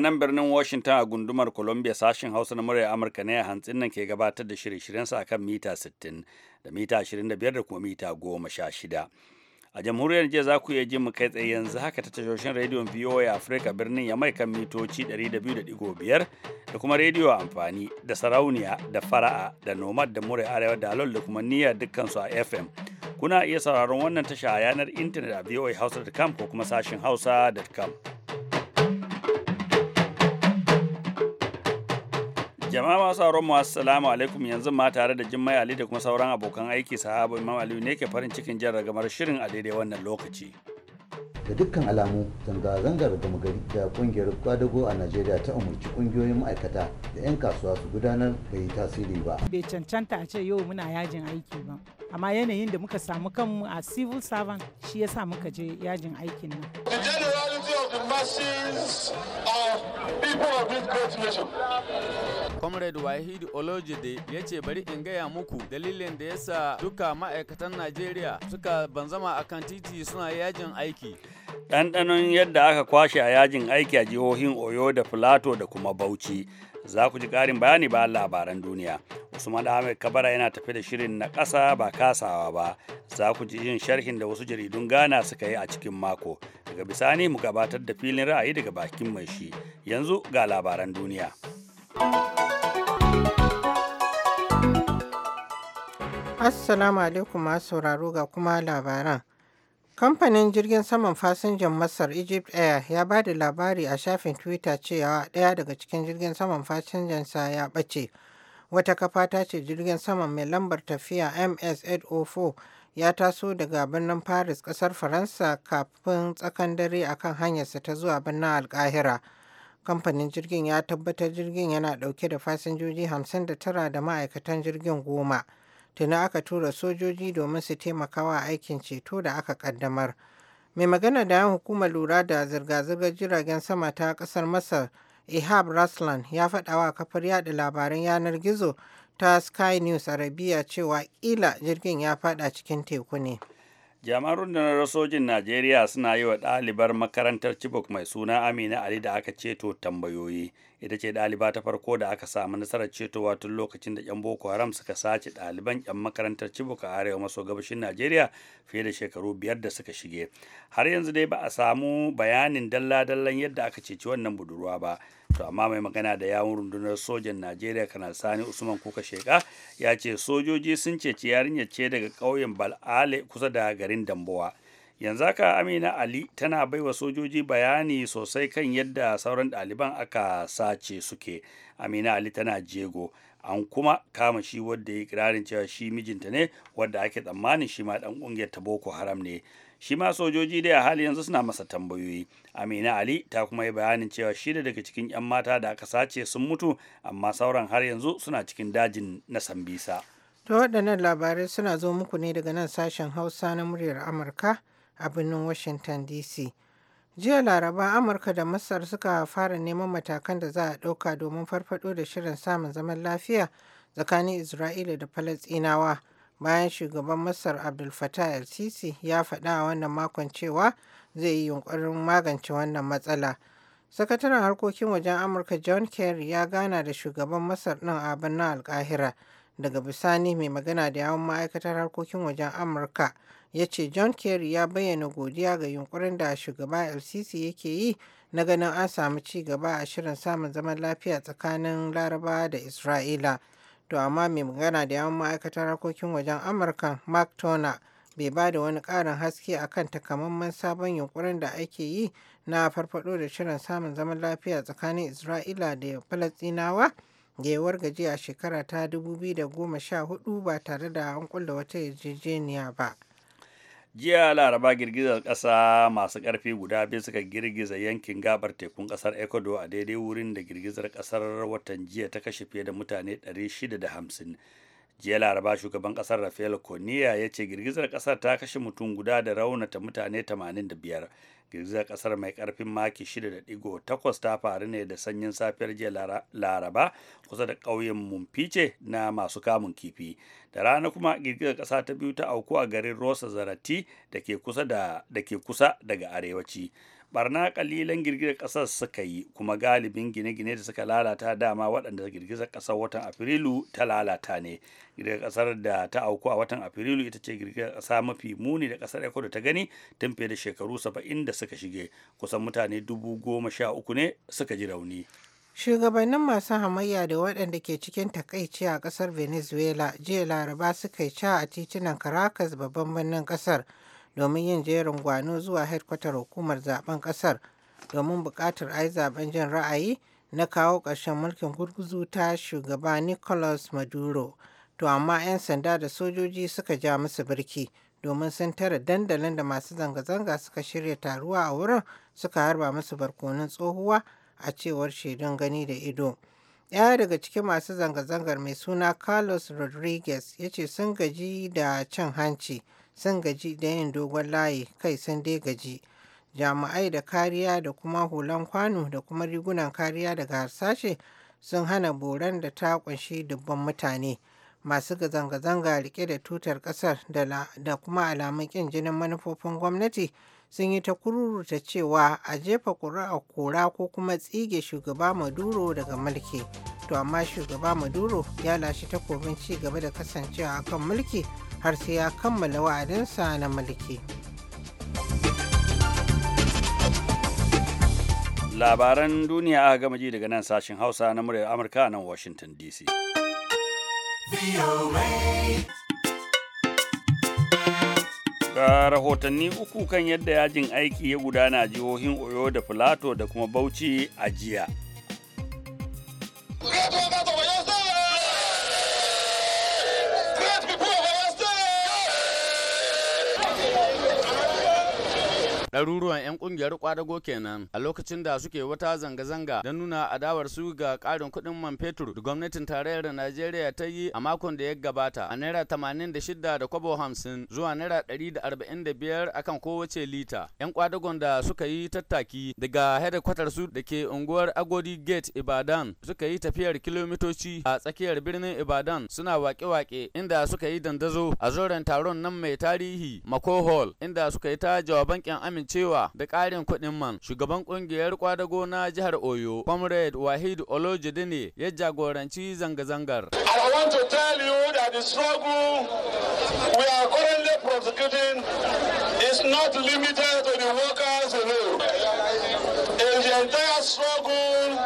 nan birnin Washington a gundumar Columbia sashen Hausa na muryar Amurka ne a hantsin nan ke gabatar da shirye-shiryensa a kan mita 60 da mita 25 da kuma mita 16. A jamhuriyar Nijar za ku iya ji mu kai tsaye yanzu haka ta tashoshin rediyon VOA Africa birnin ya mai kan mitoci 200.5 da kuma rediyo amfani da sarauniya da fara'a da nomad da murai arewa da alol da kuma niyyar dukkansu a FM. Kuna iya sauraron wannan tasha a yanar intanet a voahausa.com ko kuma sashin hausa.com. Jama'a masu auren mu assalamu alaikum yanzu ma tare da jimmai Ali da kuma sauran abokan aiki sahabu Imam Aliyu ne ke farin cikin jan ragamar shirin a daidai wannan lokaci. Da dukkan alamu zanga-zangar gama gari da kungiyar kwadago a Najeriya ta umarci kungiyoyin ma'aikata da 'yan kasuwa su gudanar da yi tasiri ba. Bai cancanta a ce yau muna yajin aiki ba. Amma yanayin da muka samu kanmu a civil servant shi yasa muka je yajin aikin nan. The of the masses of people of this great nation. comrade wahidi olojide ya ce bari in gaya muku dalilin da yasa duka ma'aikatan najeriya suka banzama a kan titi suna yajin aiki ɗanɗanon yadda aka kwashe a yajin aiki a jihohin oyo da filato da kuma bauchi za ku ji ƙarin bayani ba labaran duniya usman ahmed kabara yana tafi da shirin na ƙasa ba kasawa ba za ku ji yin sharhin da wasu jaridun ghana suka yi a cikin mako daga bisani mu gabatar da filin ra'ayi daga bakin mai shi yanzu ga labaran duniya Assalamu alaikum masu sauraro ga kuma labaran. Kamfanin jirgin saman fasinjan Masar Egypt Air ya ba da labari a shafin Twitter cewa ɗaya daga cikin jirgin saman fasinjansa ya ɓace. Wata kafa ta ce jirgin saman mai lambar tafiya MS-804 ya taso daga birnin Paris ƙasar Faransa kafin tsakan dare kan hanyarsa ta zuwa birnin Alƙahira. Kamfanin jirgin ya tabbatar jirgin yana ɗauke da fasinjoji 59 da ma'aikatan jirgin goma. Tuna aka tura sojoji domin su taimakawa aikin ceto da aka kaddamar mai magana da yan hukumar lura da zirga-zirgar jiragen sama ta kasar masar ihab raslan ya faɗawa wa kafar yada labaran yanar gizo ta sky news arabiya cewa kila jirgin ya faɗa cikin teku ne jami'an rundunar sojin najeriya suna yi wa ɗalibar makarantar chibok mai suna amina ali da aka ceto tambayoyi ita ce ɗaliba ta farko da aka samu nasarar cetowa tun lokacin da 'yan boko haram suka sace ɗaliban 'yan makarantar cibuka a arewa maso gabashin najeriya fiye da shekaru biyar da suka shige har yanzu dai ba a samu bayanin dalla-dallan yadda aka ceci wannan budurwa ba to amma mai magana da yawun rundunar sojan najeriya kanal sani usman kuka sheka ya ce sojoji sun ceci yarinyar ce daga ƙauyen bal'ale kusa da garin dambowa yanzu haka amina ali tana baiwa sojoji bayani sosai kan yadda sauran ɗaliban aka sace suke amina ali tana jego an kuma kama shi wadda ya kirarin cewa shi mijinta ne wadda ake tsammanin shi ma dan kungiyar ta boko haram ne shi ma sojoji dai a hali yanzu suna masa tambayoyi amina ali ta kuma yi bayanin cewa shida daga cikin yan mata da aka sace sun mutu amma sauran har yanzu suna cikin dajin na sambisa to waɗannan labarai suna zo muku ne daga nan sashen hausa na muryar amurka a birnin Washington DC. Jiya Laraba Amurka da Masar suka fara neman matakan da za a ɗauka domin farfado da shirin samun zaman lafiya tsakanin Isra'ila da Falasɗinawa bayan shugaban Masar Abdul Fattah el-Sisi ya faɗa a wannan makon cewa zai yi yunkurin magance wannan matsala. Sakataren harkokin wajen Amurka John Kerry ya gana da shugaban Masar ɗin a birnin Alkahira daga bisani mai magana da yawon ma'aikatar harkokin wajen amurka ya ce john kerry ya bayyana godiya ga yunkurin da shugaba lcc yake yi na ganin an samu ci gaba a shirin samun zaman lafiya tsakanin Laraba da isra'ila to amma mai magana da yawon ma'aikatar harkokin wajen amurka mark turner bai ba da wani ƙarin haske a kan takamaiman sabon yunkurin da ake yi na farfado da shirin samun zaman lafiya tsakanin isra'ila da falastinawa gewar gajiya a shekara ta 2014 ba tare da an kulla wata yarjejeniya ba. jiya laraba girgizar ƙasa masu karfi guda biyu suka girgiza yankin gabar tekun kasar ecuador a daidai wurin da girgizar kasar watan jiya ta kashe fiye da mutane 650 jiya laraba shugaban kasar rafael cornea ya ce girgizar kasar ta kashe mutum guda da raunata mutane 85 girgizar kasar mai karfin maki 6.8 ta faru ne da sanyin safiyar jiya laraba kusa da ƙauyen mumfice na masu kamun kifi da rana kuma girgizar ƙasa ta biyu ta auku a garin rosa zarati da ke kusa daga arewaci barna kalilan girgizar kasar suka yi kuma galibin gine-gine da suka lalata dama waɗanda girgizar kasar watan afrilu ta lalata ne girgizar kasar da ta auku a watan afrilu ita ce girgizar kasa mafi muni da kasar da ta gani tun fiye da shekaru saba'in da suka shige kusan mutane dubu goma sha uku ne suka ji rauni shugabannin masu hamayya da waɗanda ke cikin takaici a ƙasar venezuela jiya laraba suka yi ca a titunan caracas babban birnin ƙasar domin yin jerin gwano zuwa hedkwatar hukumar zaben kasar domin buƙatar ayi zaben jin ra'ayi na kawo ƙarshen mulkin gurguzu ta shugaba nicolas maduro to amma 'yan sanda da sojoji suka ja musu birki domin sun tara dandalin da masu zanga-zanga suka shirya taruwa a wurin suka harba musu barkonin tsohuwa a cewar shaidun gani da ido ɗaya daga cikin masu zanga-zangar mai suna carlos rodriguez ya ce sun gaji da cin hanci sun gaji da yin dogon layi kai sun dai gaji. Jami'ai da kariya da kuma hulan kwano da kuma rigunan kariya daga harsashe sun hana boran da ta kunshi dubban mutane. Masu zanga-zanga rike da tutar kasar da kuma alamun kin jinin manufofin gwamnati sun yi ta kururuta cewa a jefa ƙuri'a kura ko kuma tsige shugaba Maduro daga mulki. To amma shugaba Maduro ya lashe takobin ci gaba da kasancewa kan mulki. har sai ya kammala wa'adinsa na mulki. Labaran duniya aka gama ji daga nan sashen Hausa na muryar Amurka nan Washington DC. Ga rahotanni uku kan yadda yajin aiki ya gudana jihohin Oyo da Filato da kuma Bauchi a jiya. Ɗaruruwan 'yan ƙungiyar ƙwadago kenan a lokacin da suke wata zanga-zanga don nuna adawar su ga ƙarin kuɗin man fetur da gwamnatin tarayyar Najeriya ta yi a makon da ya gabata a naira tamanin da shida da kwabo hamsin zuwa naira ɗari da arba'in da biyar akan kowace lita. 'Yan ƙwadagon da suka yi tattaki daga hedikwatar su da ke unguwar Agodi Gate Ibadan suka yi tafiyar kilomitoci a tsakiyar birnin Ibadan suna waƙe-waƙe, inda suka yi dandazo a zoren taron nan mai tarihi Mako Hall inda suka yi ta jawaban amin amincewa da ƙarin kuɗin man shugaban ƙungiyar kwadago na jihar oyo comrade wahid olojide ne ya jagoranci zanga-zangar I that the struggle we are currently is not limited to the workers alone. It's the entire struggle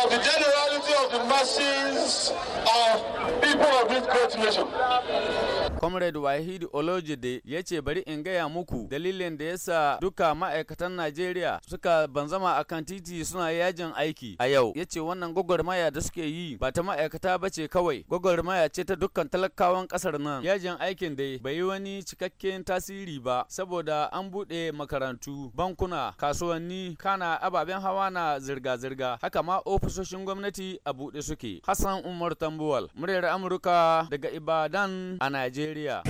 of the generality of the masses of people of this great nation. Comrade Wahid Olojide ya ce bari in gaya muku dalilin da ya sa duka ma'aikatan Najeriya suka banzama kan titi suna yajin aiki a yau. Ya ce wannan gwagwarmaya da suke yi ba ta ma'aikata ba ce kawai gwagwarmaya ce ta dukkan talakawan kasar nan. Yajin aikin da bai yi wani cikakken tasiri ba saboda an buɗe makarantu, bankuna, kasuwanni, kana ababen hawa na zirga-zirga. Haka ma ofisoshin gwamnati a buɗe suke. Hassan Umar Tambuwal, muryar Amurka daga Ibadan a Najeriya. Najeriya.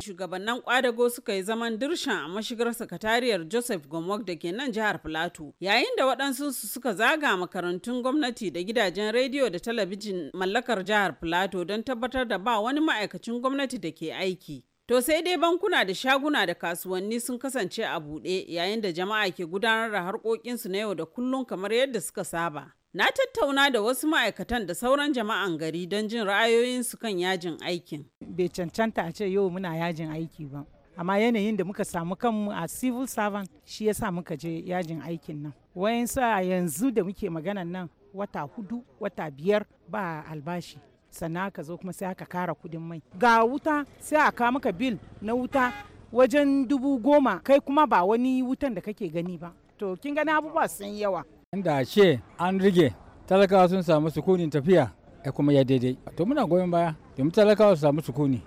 Shugabannin kwadago suka yi zaman dirshan a mashigar sakatariyar Joseph Gomwok da ke nan jihar Filato. Yayin da waɗansu suka zaga makarantun gwamnati da gidajen rediyo da talabijin mallakar jihar Filato don tabbatar da ba wani ma'aikacin gwamnati da ke aiki. To sai dai bankuna da shaguna da kasuwanni sun kasance a buɗe yayin da jama'a ke gudanar da harkokinsu na yau da kullum kamar yadda suka saba. Na tattauna da wasu ma'aikatan da sauran jama'an gari don jin ra'ayoyinsu kan yajin aikin. Bai cancanta a ce yau muna yajin aiki ba. Amma yanayin da muka samu kanmu a civil servant shi ya sa muka je yajin aikin nan. Wayansu a yanzu da muke maganan nan wata hudu, wata biyar ba albashi. Sannan ka zo kuma sai aka kara kudin mai. Ga wuta sai a kawo maka bil na wuta wajen dubu goma kai kuma ba wani wutan da kake gani ba. To kin gani abubuwa sun yawa. Inda ce an rige talakawa sun samu sukunin tafiya ya kuma ya daidai. To muna goyon baya domin talakawa su samu sukuni.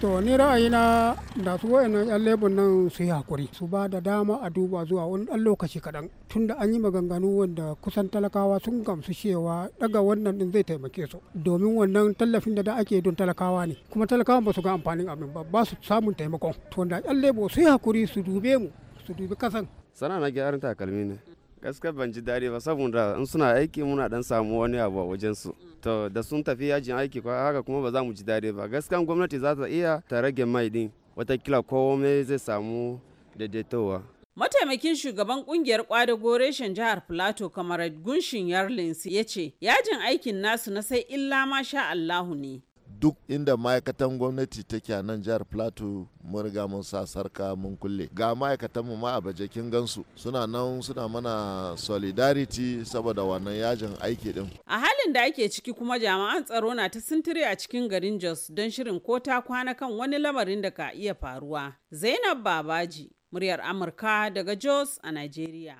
To ni ra'ayina da su wayannan 'yan lebun nan su yi hakuri su ba da dama a duba zuwa wani ɗan lokaci kaɗan tunda an yi maganganu wanda kusan talakawa sun gamsu cewa daga wannan din zai taimake su domin wannan tallafin da da ake don talakawa ne kuma talakawa ba su ga amfanin abin ba ba su samun taimakon to da 'yan lebo su yi hakuri su dube mu su dubi kasan. Sana na gyaran takalmi ne. gaskiya ban ji dare ba saboda in suna aiki muna dan samu wani abu a wajen su to da sun tafi yajin aiki haka kuma ba za mu ji dare ba gaskiya gwamnati za ta iya ta rage mai din watakila komai zai samu daidaitowa Mataimakin shugaban kungiyar kwadago reshen jihar Filato kamar Gunshin Yarlins ya ce, yajin aikin nasu na sai illa ma sha Allahu ne. duk inda ma'aikatan gwamnati take a nan jihar plateau mun riga mun sa sarka mun kulle ga ma'aikatan mu ma a bajakin gansu suna nan suna mana solidarity saboda wannan yajin aiki din a halin da ake ciki kuma jami'an tsaro na ta sintiri a cikin garin jos don shirin ko ta kwana kan wani lamarin da ka iya faruwa zainab babaji muryar amurka daga jos a nigeria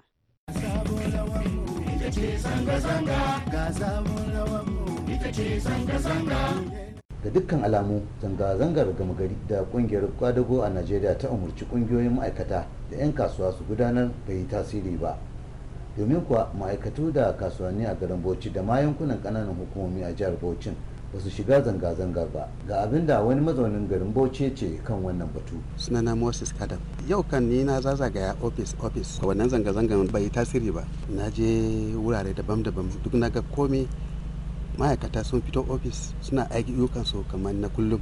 ita ce zanga-zanga ga rawanmu ita ce zanga-zanga da dukkan alamu zanga-zangar gama gari da kungiyar kwadago a najeriya ta umarci kungiyoyin ma'aikata da 'yan kasuwa su gudanar bai yi tasiri ba domin kuwa ma'aikatu da kasuwanni a garin bauchi da ma yankunan kananan hukumomi a jihar bauchin ba su shiga zanga-zangar ba ga abin da wani mazaunin garin bauchi ce kan wannan batu sunana moses adam yau kan ni na zazagaya office office wannan zanga-zangar bai tasiri ba na je wurare daban-daban duk na ga komai ma'aikata sun fito ofis suna aiki su kamar na kullum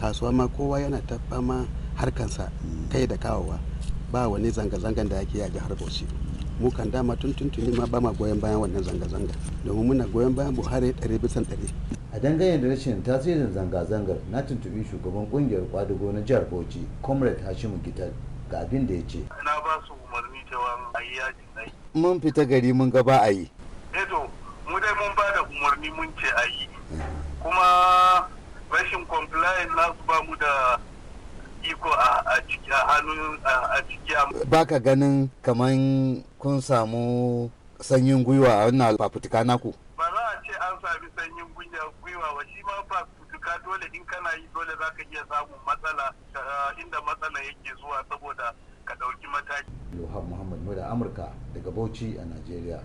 kasuwa ma kowa yana ta fama harkansa kai da kawowa ba wani zanga-zangan da ake yi a bauchi mu kan dama tun tuntuni ma ba ma goyon bayan wannan zanga-zanga domin muna goyon bayan buhari ɗari bisan ɗari a dangane da rashin tasirin zanga-zangar na tuntubi shugaban kungiyar kwadugo na jihar bauchi comrade hashimu gitar ga abin da ya ce na ba umarni cewa a yi mun fita gari mun ga ba a yi rashin compliance su ba mu da iko a ciki a hannun a ciki ba ka ganin kamar kun samu sanyin gwiwa a wannan fafutuka naku ba za a ce an sami sanyin gwiwa ba shi ma fafutuka dole in kana yi dole za ka iya samun matsala inda matsala yake zuwa saboda ka ɗauki mataki. Yohan Muhammad da Amurka daga Bauchi a Najeriya.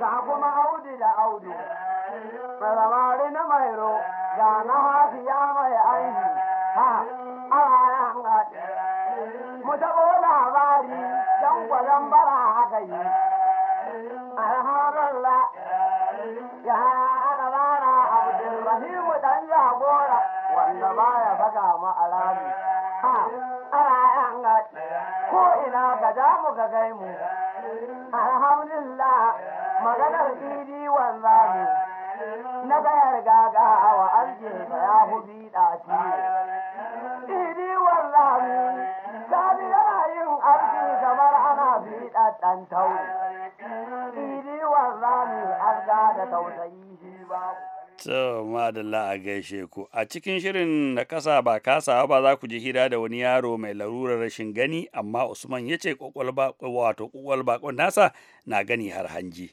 ga kuma audi da audu mai na mairo ga na hafiya mai aiki. ha ala ya hangaɗe mu taɓo labari don gwadon bara haka yi alhamdulillah ya ana bara abdulrahimu dan jagora wanda ba ya faga ma alamu ha ala ya hangaɗe ko ina ka za mu ka gai mu alhamdulillah maganar fili wanza ne na gayar gaga wa arje ya hubi ɗaci fili wanza ne sani yana yin arji kamar ana fi ɗan tauri fili wanza ne an da tausayi shi ba To, madalla a gaishe ku. A cikin shirin na kasa ba kasa ba za ku ji hira da wani yaro mai larurar rashin gani, amma Usman ya ce wato kwakwal nasa na gani har hanji.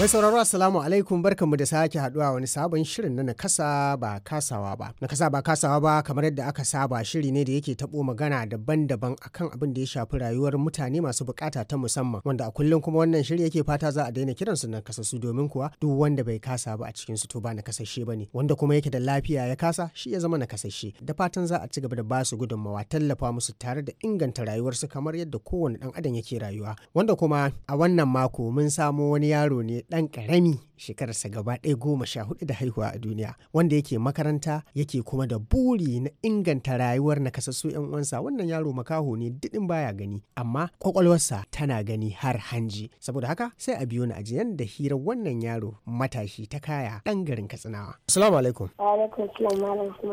Mai sauraro Assalamu alaikum barkanmu da sake haduwa wani sabon shirin na nakasa ba kasawa ba. Nakasa ba kasawa ba kamar yadda aka saba shiri ne da yake tabo magana daban-daban akan abin da ya shafi rayuwar mutane masu bukata ta musamman wanda a kullum kuma wannan shiri yake fata za a daina kiransu na nakasassu domin kuwa duk wanda bai kasa ba a cikin su to ba na nakasashe ne. wanda kuma yake da lafiya ya kasa shi ya zama na nakasashe. Da fatan za a ci gaba da ba su gudunmawa tallafa musu tare da inganta rayuwarsu kamar yadda kowane dan adam yake rayuwa. Wanda kuma a wannan mako mun samo wani yaro ne ɗan ƙarami shekararsa gaba ɗaya goma sha hudu da haihuwa a duniya wanda yake makaranta yake kuma da buri na inganta rayuwar nakasassu yan uwansa wannan yaro makaho ne didin baya gani amma kwakwalwarsa tana gani har hanji saboda haka sai a biyo ni a jiyan da hirar wannan yaro matashi ta kaya ɗan garin katsinawa assalamu alaikum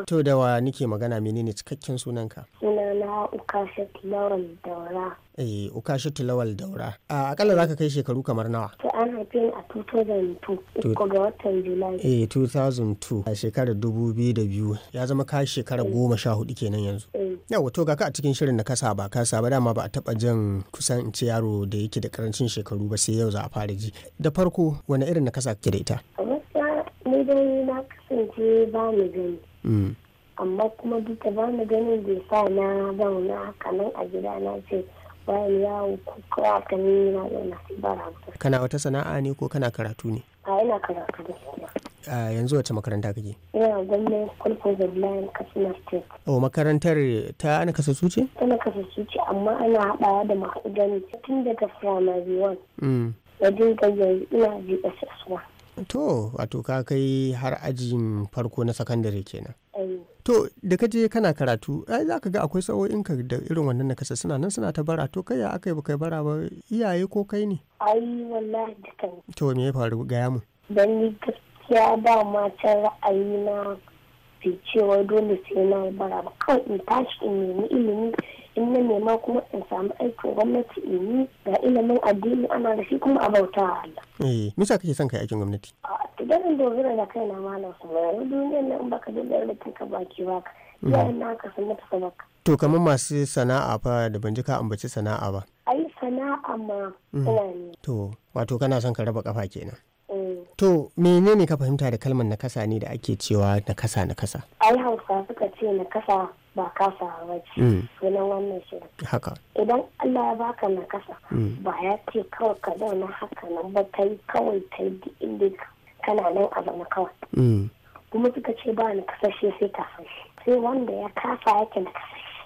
to da wa nike magana menene cikakken sunanka sunana ukashat lauren daura eh ukashat lawal daura a akalla ka kai shekaru kamar nawa to an haife ni a 2002 watan Julai. Eh 2002 a shekarar 2002 ya zama ka shekara eh. goma sha hudu kenan yanzu. Eh. Yawa wato ga ka a cikin shirin da kasa ba kasa ba dama ba a taba jin kusan in ce yaro da yake da karancin shekaru ba sai yau za a fara ji. Da farko wani irin na kasa kake da ita? Ni dai na kasance ba mm. Amma kuma duka ba mu ganin bai sa na zauna haka nan a gida na ce bayan yawo ko kawai ka ni na yana ba ranta kana wata sana'a ne ko kana karatu ne a ina karatu da a yanzu wace makaranta kake ina gwamnan kwalfa zabilayen katsina state o makarantar ta ana kasassu ce na kasassu ce amma ana haɗawa da masu gani tun daga firamare wan, mm. da dinga yanzu ina gss1 to wato ka kai har ajin farko na sakandare kenan to da ka je kana karatu ai za ka ga akwai sa'o'in ka da irin wannan nakasa suna nan suna ta bara to kai ya aka yi baka bara ba iyaye ko kai ne ai wallahi da to me ya faru gaya mu dan ni gaskiya ba ma ta ra'ayi na bai cewa dole sai na bara ba kawai in tashi in nemi ilimi in na nema kuma in samu aikin gwamnati in yi ga ilimin addini ana da shi kuma a bauta Allah. Eh, misa kake son kai aikin gwamnati? A idan dogara da kaina malam su bayan duniyar nan baka da da ka baki mhm. baka. Yayin na ka sun ta baka. To kamar masu sana'a fa da ban ji ka ambaci sana'a ba. Ai sana'a ma mhm. ina ne. To wato kana son ka raba kafa kenan. Eh. To menene ka fahimta da kalmar nakasa ne da ake cewa nakasa nakasa? Ai hausa suka ce na kasa ba kasa ba ce mm. sunan wannan shirin idan Allah ya baka na kasa mm. ba ya ce kawai ka zauna haka nan ba ta yi kawai ta yi inda kana nan a zama kawai mm. kuma suka ce ba na kasashe sai kasashe sai wanda ya kasa yake na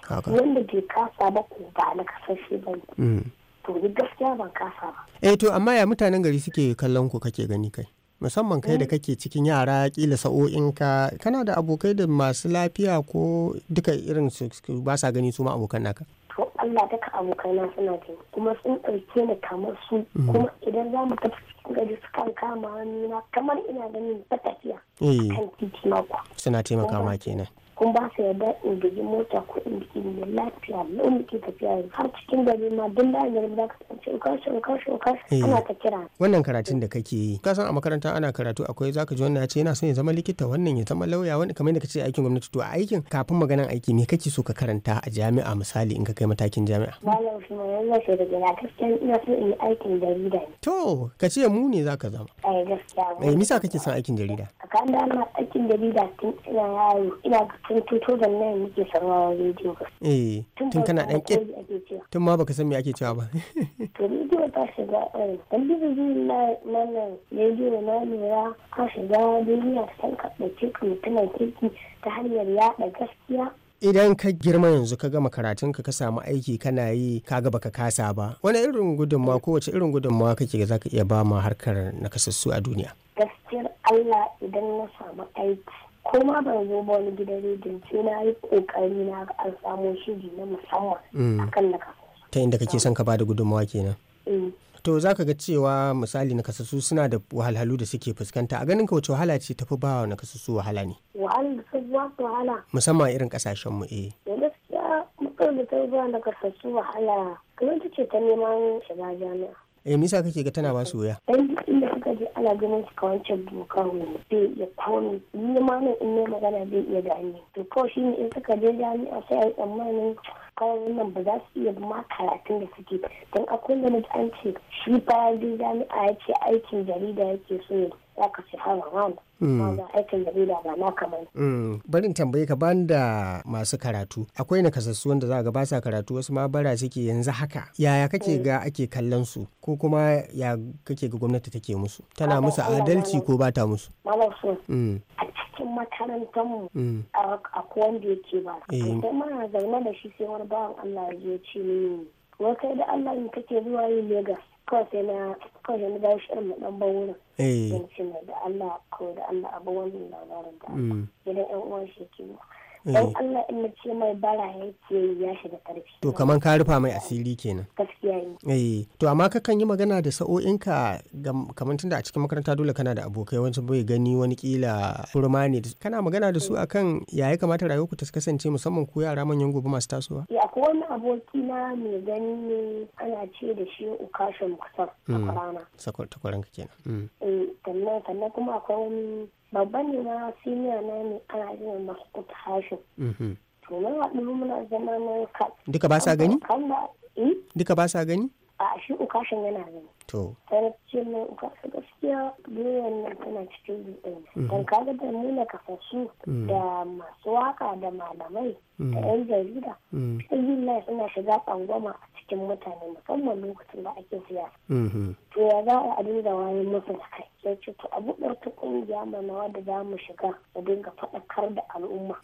kasashe wanda bai kasa ba ko ba na kasashe ba ne to gaskiya ban kasa ba eh to amma ya mutanen gari suke kallon ku kake gani kai musamman kai da mm. kake cikin yara kila sa'o'inka kana da abokai da masu lafiya ko duka irin su ba sa gani su ma abokan naka to Allah duka abokaina suna jin kuma sun ɗauke ni kamar su mm. kuma idan za mu tafi cikin gari su kan kama wani kamar ina ganin ta tafiya eh. kan titi mako suna taimaka ma kenan kun ba su yarda in bugi mota ko in bugi ne lafiya lau muke tafiya yanzu har cikin gari ma duk da gari za ka tsanci in kashi in kashi in kashi eh. ana ta kira. wannan karatun da kake yi ka san a makaranta ana karatu akwai za ka ji wannan ya ce yana son ya zama likita wannan ya zama lauya wani kamar yadda ka ce aikin gwamnati to a aikin kafin maganan aiki me kake so ka karanta a jami'a misali in ka kai matakin jami'a. malam shi ma yanzu sai da gina gaskiya ina so in yi aikin jarida. ne. to ka ce mu ne za ka zama. ai eh, gaskiya. Eh, me yasa kake son aikin jarida. a kan da aikin jarida tun ina yaro ina tun tuto da nan muke sauraron rediyo eh tun kana dan tun ma baka san me ake cewa ba to rediyo ta shiga eh, dan na nan rediyo na lura ka shiga duniya san kirki ta hanyar yaɗa gaskiya idan ka girma yanzu ka gama karatun ka ka samu aiki kana yi ka gaba ka kasa ba wani irin gudunmawa kowace irin gudunmawa kake za ka iya ba ma harkar nakasassu a duniya gaskiyar Allah idan na samu aiki ko ma ban zo ba wani gidan rediyon sai na yi kokari na a samu shiri na musamman mm. akan na ta inda kake son ka bada gudunmawa kenan mm. to za ka ga cewa misali nakasassu suna da wahalhalu da suke fuskanta a ganin ka wace wahala ce tafi ba wa nakasassu wahala ne wahala eh. da tafi ba wahala musamman irin kasashen mu eh da gaskiya mutum da tafi ba nakasassu wahala kamar ta ce ta neman shiga jami'a eh misa kake ga tana ba su wuya dan inda ana ganin shi kawai can buka ne zai iya tauni ni ma nan in ne magana zai iya gane to kawai shi ne in suka je jami'a sai a yi tsammanin kawai nan ba za su iya ma karatun da suke don akwai da an ce shi fa ya je jami'a ya ce aikin jarida yake so ya ya ka ce hana wani aikin jarida ba na kamar mm. barin tambayi ka ban da masu karatu akwai kasassu wanda za ga ba sa karatu wasu ma bara suke yanzu haka yaya kake mm. ga ake kallon su ko kuma ya kake ga gwamnati take musu tana musu adalci ko ba ta musu mm. a cikin makarantar mu a wanda yake ba sai eh. zaune da shi sai wani bawan Allah ya ce ni wai kai da Allah ne kake zuwa yin legas. kawai sai na kawai na dawo mu dan bawurin eh ce mai da Allah ko da Allah abu wannan labarin da gidan mm. yan uwan shi ke eh. dan Allah in ce mai bara ya ya shiga karfi to kaman ka rufa mai asiri kenan gaskiya ne eh to amma ka kan yi magana da sa'o'inka kaman tunda a cikin makaranta dole kana da abokai wancan bai gani wani kila kurma ne kana magana da su mm. akan ya kamata rayuwar ku ta kasance musamman ku yara manyan gobe masu tasowa ya akwai wani aboki na mai gani ne ana ce da shi ukashin muksar sakwarana hmm. sakwar takwaran ka kenan hmm. eh, sannan sannan kuma akwai wani babban ne na senior na ne ana ce da masu hashin hmm. to mun haɗu muna zama na duka ba sa gani eh? duka ba sa gani a shi ukashin yana gani to sai ce mai uka gaskiya duniyar nan tana cikin ruɗe mm-hmm. don kaga da nuna kasassu mm-hmm. da masu waka da malamai da yan mm-hmm. jarida sai suna shiga tsangwama a cikin mutane musamman lokacin da ake siyasa to ya za a dinga wayan musu da kai ya ce to a buɗe wata ƙungiya manawa da za mu shiga a dinga faɗakar da al'umma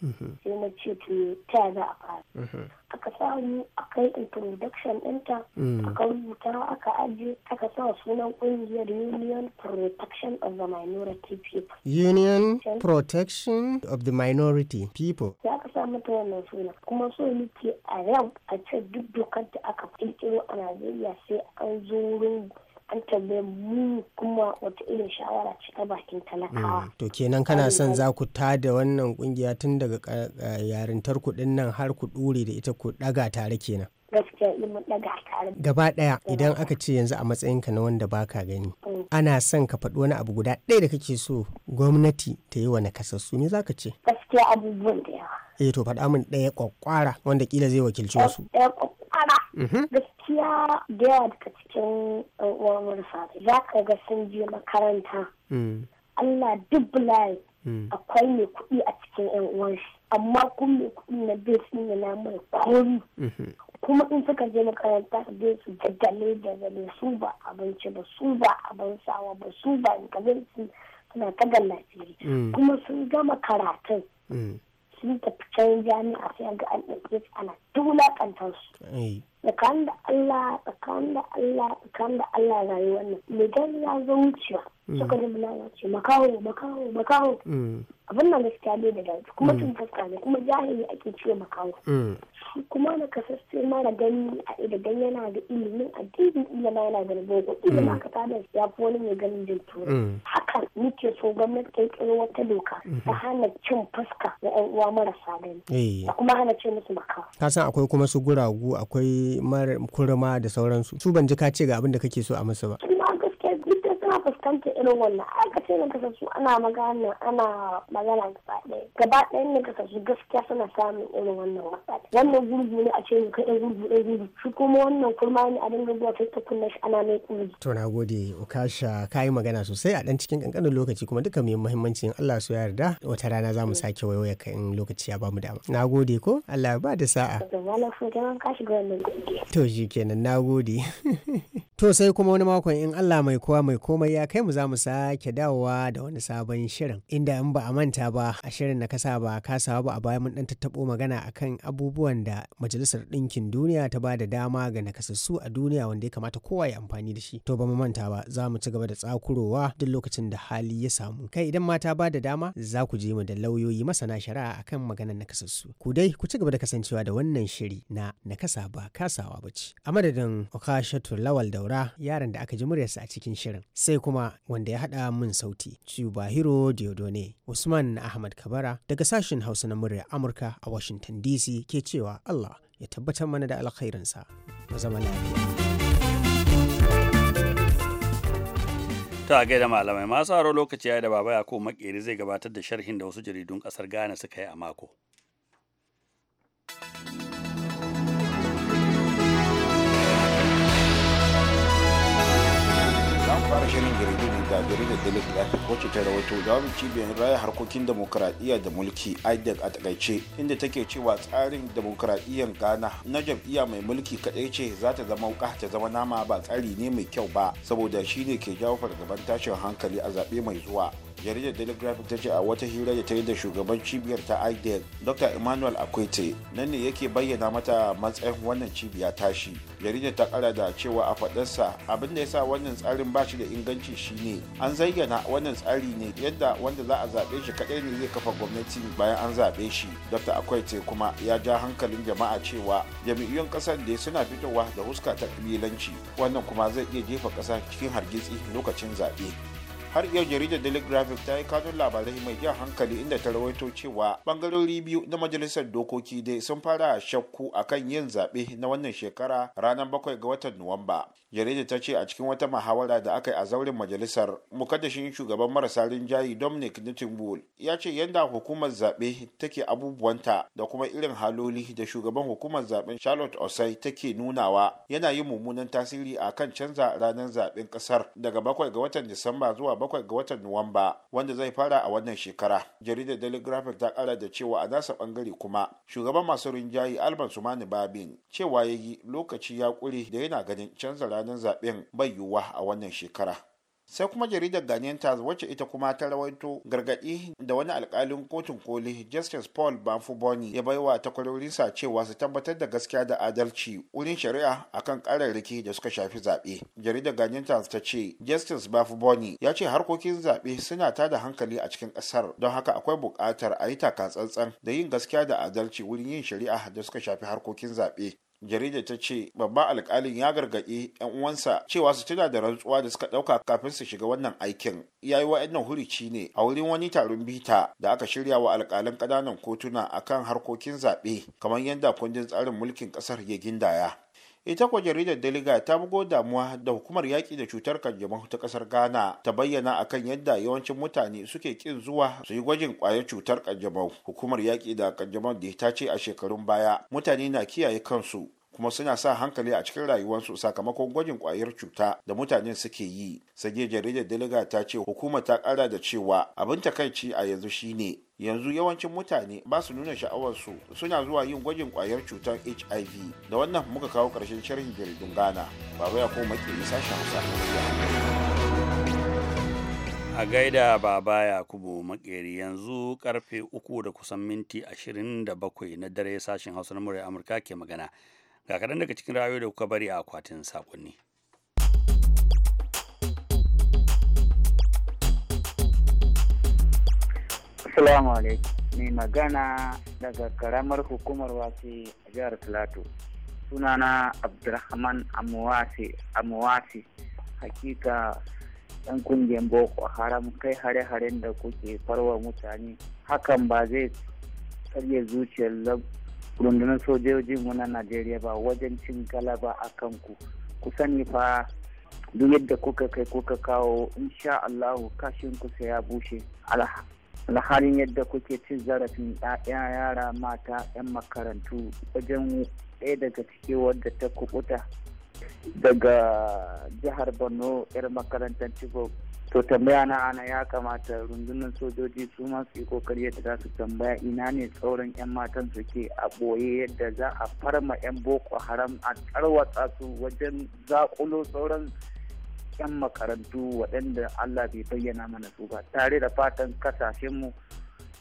sai na ce to ta za a fara aka samu aka yi introduction ɗinta aka rubuta aka ajiye aka na sunan kungiyar union protection of the minority people union protection of the minority people ya ka sa mata wannan suna kuma so nake a yau a ce duk dokar da aka kirkiro a najeriya sai an zo wurin an tambaye mu kuma wata irin shawara ce ta bakin talakawa. Mm, to kenan kana son za ku ta da wannan kungiya tun daga eh, yarintar kuɗin nan har ku ɗure da ita ku ɗaga tare kenan. gaskiya ilimin daga tare. Gaba ɗaya idan aka ce yanzu a matsayinka na wanda baka gani. Mm. Ana son ka faɗi wani abu guda ɗaya da kake so gwamnati ta yi wa nakasassu ne za ka ce? Gaskiya abubuwan da yawa. Eh to faɗa min ɗaya kwakwara wanda kila zai wakilci wasu. Ɗaya Mm-hmm. gaskiya da yawa daga cikin uwa marasa za ka ga sun je makaranta mm. allah bulaye mm. akwai mai kuɗi a cikin yan uwan shi amma kuma mai kuɗi na bai sun yana mai komi mm-hmm. kuma in suka je makaranta bai su daddale daddale su ba abinci ba su ba abin sawa ba su ba kamar su suna ta gallafi mm. kuma sun gama karatun sun tafi can jami'a sai ga an ɗauke su ana tulakantar su tsakanin da Allah tsakanin da Allah tsakanin da Allah rayuwar nan me ya zo wucewa Mm. suka nemi ce makaho makaho makaho mm. abin nan gaskiya ne da daji. kuma mm. tun fuska ne kuma jahili ake ce makaho kuma na kasasce mara gani a idan yana da ilimin addini ila ma yana da bogo ila ma ka da ya fi wani mai ganin jin haka muke so gwamnati ta kiro wata doka mm-hmm. ta hana cin fuska na yan uwa marasa gani eh. da kuma hana ce musu makaho ka san akwai kuma su guragu akwai kurma da sauransu su ban ji ka ce ga abin da kake so a musu ba fuskantar irin wannan aikace na kasa su ana magana ana magana gaba ɗaya gaba ɗaya na kasa su gaskiya suna samun irin wannan matsala wannan gurgu ne a ce mu kai gurgu ɗaya gurgu shi kuma wannan kurma ne a dinga zuwa ta ta kunna shi ana mai kuri. to na gode ukasha ka yi magana sosai a ɗan cikin ƙanƙanin lokaci kuma duka mai muhimmanci in Allah so yarda wata rana za mu sake wayoya ka in lokaci ya bamu dama na gode ko Allah ba da sa'a. to shi kenan na gode. To sai kuma wani makon in Allah mai kowa mai komai ya kai mu za mu sake dawowa da wani sabon shirin inda in ba a manta ba a shirin na kasa ba kasa ba a baya mun dan tattabo magana akan abubuwan da majalisar ɗinkin duniya ta ba da dama ga nakasassu a duniya wanda ya kamata kowa ya amfani da shi to ba mu manta ba za mu ci gaba da tsakurowa duk lokacin da hali ya samu kai idan mata ba da dama za ku je mu da lauyoyi masana shari'a akan maganar nakasassu ku dai ku ci gaba da kasancewa da wannan shiri na nakasa ba kasawa ba a madadin Okashatu Lawal da Daura yaron da aka ji muryarsa a cikin shirin sai kuma wanda ya haɗa mun sauti bahiro Diodone Usman Ahmad Kabara daga sashen Hausa na muryar Amurka a Washington DC ke cewa Allah ya tabbatar mana da alkhairinsa mu zama lafiya. ta gaida malamai masu haro lokaci ya da baba ya ko makeri zai gabatar da sharhin da wasu jaridun kasar ghana suka yi a mako fara shirin ne da gari da dalit life wacce ta da wani cibiyar raya harkokin demokuraɗiyya da mulki idec a takaice inda take cewa tsarin demokuraɗiyyar ghana na jam'iyya mai mulki kaɗai ce za ta zama wuka ta zama nama ba tsari ne mai kyau ba saboda shine ke jawo fargaban tashin hankali a zaɓe mai zuwa jaridar daily graphic ta ce a wata hira da ta yi da shugaban cibiyar ta idel dr emmanuel akwete nan ne yake bayyana mata matsayin wannan cibiya tashi jaridar ta kara da cewa a fadarsa abin da ya sa wannan tsarin ba shi da inganci shi ne an zayyana wannan tsari ne yadda wanda za a zaɓe shi kaɗai ne zai kafa gwamnati bayan an zaɓe shi dr akwete kuma ya ja hankalin jama'a cewa jami'an ƙasar da suna fitowa da huska ta kabilanci wannan kuma zai iya jefa ƙasa cikin hargitsi lokacin zaɓe har yau jaridar daily graphic ta yi kanun labarai mai jan hankali inda ta rawaito cewa bangarori biyu na majalisar dokoki dai sun fara shakku akan yin zaɓe na wannan shekara ranar bakwai ga watan nuwamba jaridar ta ce a cikin wata muhawara da aka yi a zauren majalisar mukaddashin shugaban marasa rinjaye dominic nuttingbull ya ce yadda hukumar zaɓe take abubuwanta da kuma irin haloli da shugaban hukumar zaɓen charlotte osai take nunawa yana yin mummunan tasiri a kan canza ranar zaɓen ƙasar daga bakwai ga watan disamba zuwa bakwai ga watan nuwamba wanda zai fara a wannan shekara jaridar daily ta kara da cewa a nasa ɓangare kuma shugaban masu rinjayi alban sumani babin cewa ya yi lokaci ya ƙure da yana ganin canza ranar ranar zaben bai yiwuwa a wannan shekara sai kuma jaridar Ghanaian wacce ita kuma ta rawaito gargaɗi da wani alkalin kotun koli Justice Paul banfu Boni ya baiwa sa cewa su tabbatar da gaskiya da adalci wurin shari'a akan ƙararriki da suka shafi zaɓe. Jaridar Ghanaian ta ce Justice banfu Boni ya ce harkokin zaɓe suna ta da hankali a cikin ƙasar don haka akwai buƙatar a yi taka tsantsan da yin gaskiya da adalci wurin yin shari'a da suka shafi harkokin zaɓe. jaridar ta ce babban alkalin ya gargaɗi 'yan uwansa cewa su tuna da rantsuwa da suka ɗauka kafin su shiga wannan aikin ya yi wa'annan hurici ne a wurin wani taron bita da aka shirya wa alkalan ƙananan kotuna akan harkokin zaɓe kamar yadda kundin tsarin mulkin ƙasar ya gindaya ita kuwa jaridar deliga ta bugo damuwa da hukumar yaƙi da cutar kanjamau ta ƙasar ghana ta bayyana akan yadda yawancin mutane suke ƙin zuwa su yi gwajin ƙwayar cutar kanjamau hukumar yaƙi da kanjamau da ta ce a shekarun baya mutane na kiyaye kansu kuma suna sa hankali a cikin rayuwarsu sakamakon gwajin kwayar cuta da mutane suke yi sai jaridar deliga ta ce hukuma ta ƙara da cewa abin takaici a yanzu shine yanzu yawancin mutane ba su nuna sha'awarsu suna zuwa yin gwajin kwayar cutar hiv da wannan muka kawo ƙarshen sharhin jaridun gana baba ya koma ke sashen hausa a gaida baba yakubu makeri yanzu karfe uku da kusan minti ashirin da bakwai na dare sashen hausa na murya amurka ke magana ga kaɗan daga cikin ra'ayoyi da kuka bari a akwatin saƙonni. Assalamu alaikum. Mai magana daga karamar hukumar wasi a jihar Plateau. Sunana Abdulrahman Amuwasi. Amuwasi. Hakika ɗan kungiyar Boko Haram kai hare-haren da kuke farwa mutane. Hakan ba zai karya zuciyar rundunar sojojinmu na Najeriya ba wajen cin galaba a kanku. Ku sani fa duk yadda kuka kai kuka kawo insha Allahu kashin sai ya bushe. halin yadda kuke cin zarafin 'ya'ya yara mata 'yan makarantu wajen ɗaya daga ciki wadda ta kubuta daga jihar borno 'yar makarantar cibo to tambaya na ana ya kamata rundunar sojoji su ma yi kokari yadda za su tambaya ina ne tsauran 'yan matan suke a ɓoye yadda za a farma 'yan boko haram a tsarwatsa su wajen zakulo sauran 'yan makarantu waɗanda Allah bai bayyana mana su ba tare da fatan kasashenmu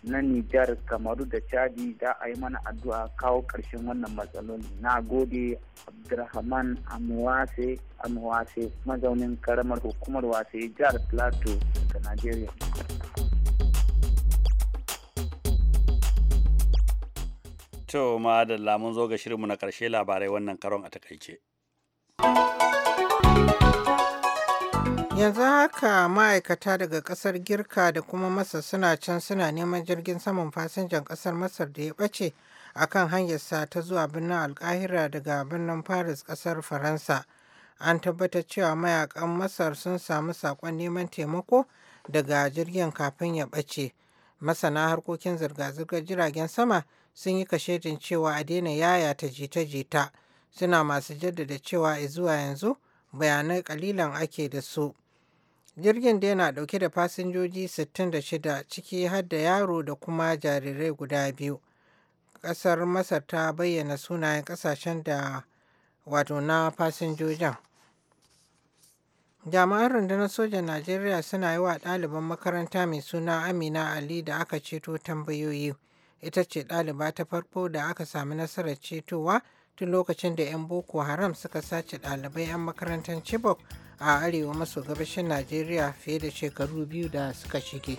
na Nijar, Kamaru da Chadi da a yi mana addu'a kawo ƙarshen wannan matsaloli. Na gode Abdulrahman Amuwase Amuwase mazaunin karamar hukumar wase jihar Plateau da Najeriya. To ma da lamun zo ga shirinmu na ƙarshe labarai wannan karon a takaice. Yanzu haka ma'aikata daga kasar Girka da kuma Masar suna can suna neman jirgin saman fasinjan kasar Masar da ya ɓace a kan hanyarsa ta zuwa birnin Alkahira daga birnin Paris kasar Faransa. An tabbatar cewa mayakan Masar sun samu sakon neman taimako daga jirgin kafin ya ɓace. Masana harkokin zirga-zirgar jiragen sama sun yi kashedin cewa a daina yaya ta jita-jita. Suna masu jaddada cewa zuwa yanzu bayanai kalilan ake da su. Jirgin da yana ɗauke da fasinjoji 66 ciki har da yaro da kuma jarirai guda biyu. Ƙasar Masar ta bayyana sunayen ƙasashen da wato na fasinjojin. Jami'an rundunar sojan Najeriya suna yi wa ɗaliban makaranta mai suna Amina Ali da aka ceto tambayoyi. Ita ce ɗaliba ta farko da aka sami nasarar cetowa tun lokacin da 'yan boko haram suka sace ɗalibai 'yan makarantar chibok a arewa maso gabashin najeriya fiye da shekaru biyu da suka shige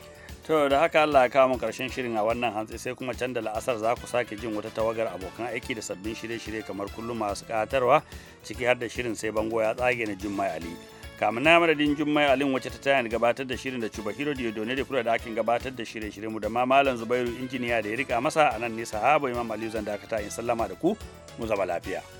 to da haka allah ya kawo karshen shirin a wannan hantsi sai kuma can da la'asar za ku sake jin wata tawagar abokan aiki da sabbin shirye-shirye kamar kullum masu ƙatarwa ciki har da shirin sai bango ya tsage na jummai ali kamar na madadin jummai alin wacce ta tayan gabatar da shirin da cuba hiro yadda da kula da akin gabatar da shirye-shirye mu da ma malam zubairu injiniya da ya rika masa a nan ne sahaba imam aliyu zan dakata in sallama da ku mu zama lafiya